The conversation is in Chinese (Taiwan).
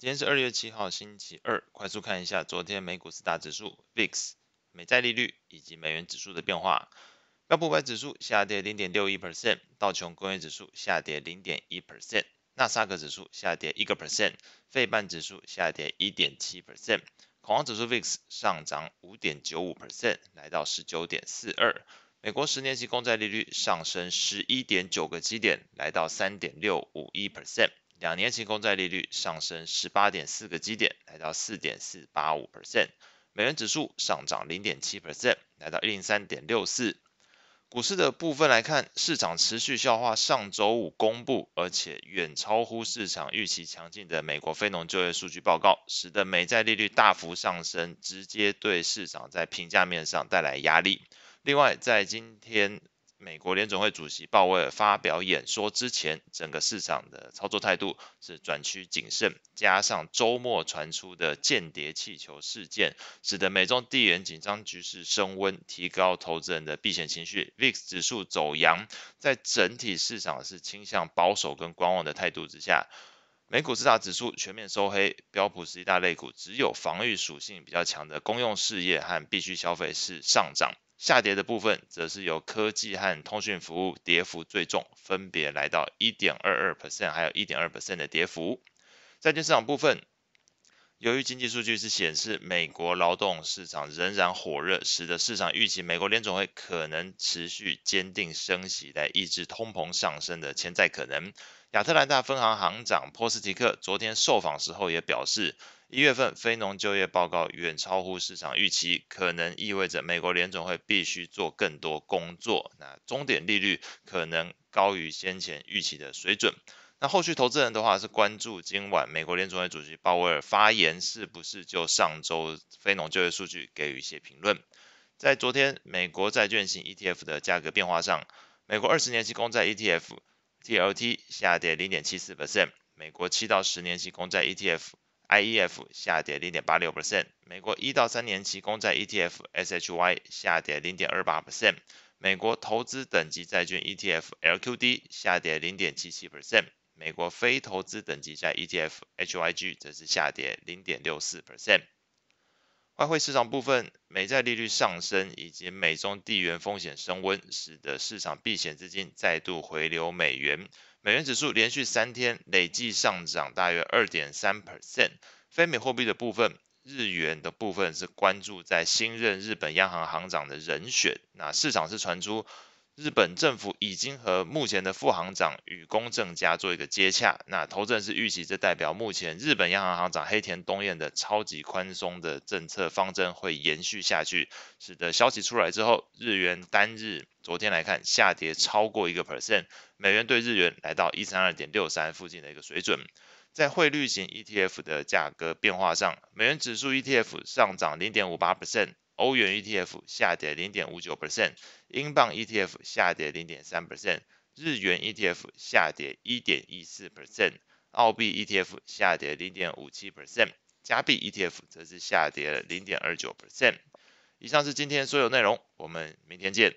今天是二月七號，星期二。快速看一下昨天美股四大指數、VIX、美債利率以及美元指數的變化。標普五百指數下跌零點六一 percent，道瓊工業指數下跌零點一 percent，納斯達克指數下跌一個 percent，費半指數下跌一點七 percent，恐慌指數 VIX 上漲五點九五 percent，來到十九點四二。美國十年期公債利率上升十一點九個基點，來到三點六五一 percent。兩年期公債利率上升十八點四個基點，來到四點四八五 percent。美元指數上漲零點七 percent，來到一零三點六四。股市的部分來看，市場持續消化上周五公布而且遠超乎市場預期強勁的美國非農就業數據報告，使得美債利率大幅上升，直接對市場在評價面上帶來壓力。另外，在今天美國聯準會主席鮑威爾發表演說之前，整個市場的操作態度是轉趨謹慎，加上周末傳出的間諜氣球事件，使得美中地緣緊張局勢升溫，提高投資人的避險情緒，VIX 指數走揚，在整體市場是傾向保守跟觀望的態度之下，美股四大指數全面收黑，標普十一大類股只有防禦屬性比較強的公用事業和必需消費是上漲。下跌的部分則是由科技和通訊服務跌幅最重，分別來到一點二二%還有一點二%的跌幅。債券市場部分，由於經濟數據是顯示美國勞動市場仍然火熱，使得市場預期美國聯準會可能持續堅定升息來抑制通膨上升的潛在可能。亞特蘭大分行行長波斯提克昨天受訪時候也表示。一月份非農就業報告遠超乎市場預期，可能意味着美國聯準會必須做更多工作。那終點利率可能高於先前預期的水準。那後續投資人的話是關注今晚美國聯準會主席鮑威爾發言是不是就上周非農就業數據給予一些評論。在昨天美國債券型 ETF 的價格變化上，美國二十年期公債 ETF TLT 下跌零點七四 percent，美國七到十年期公債 ETF I E F 下跌零點八六 percent，美國一到三年期公債 E T F S H Y 下跌零點二八 percent，美國投資等級債券 E T F L Q D 下跌零點七七 percent，美國非投資等級債 E T F H Y G 則是下跌零點六四 percent。外匯市場部分，美債利率上升以及美中地緣風險升溫，使得市場避險資金再度回流美元，美元指數連續三天累計上漲大約二點三 percent。非美貨幣的部分，日元的部分是關注在新任日本央行行長的人選，那市場是傳出。日本政府已經和目前的副行長雨宮正佳做一個接洽。那投資人是預期，這代表目前日本央行行長黑田東彥的超級寬鬆的政策方針會延續下去，使得消息出來之後，日元單日昨天來看下跌超過一個 percent，美元對日元來到一三二點六三附近的一個水準。在匯率型 ETF 的價格變化上，美元指數 ETF 上漲零點五八 percent。歐元 ETF 下跌0.59%，英鎊 ETF 下跌0.3%，日元 ETF 下跌1.14%，澳幣 ETF 下跌0.57%，加幣 ETF 則是下跌了0.29%。以上是今天所有內容，我們明天見。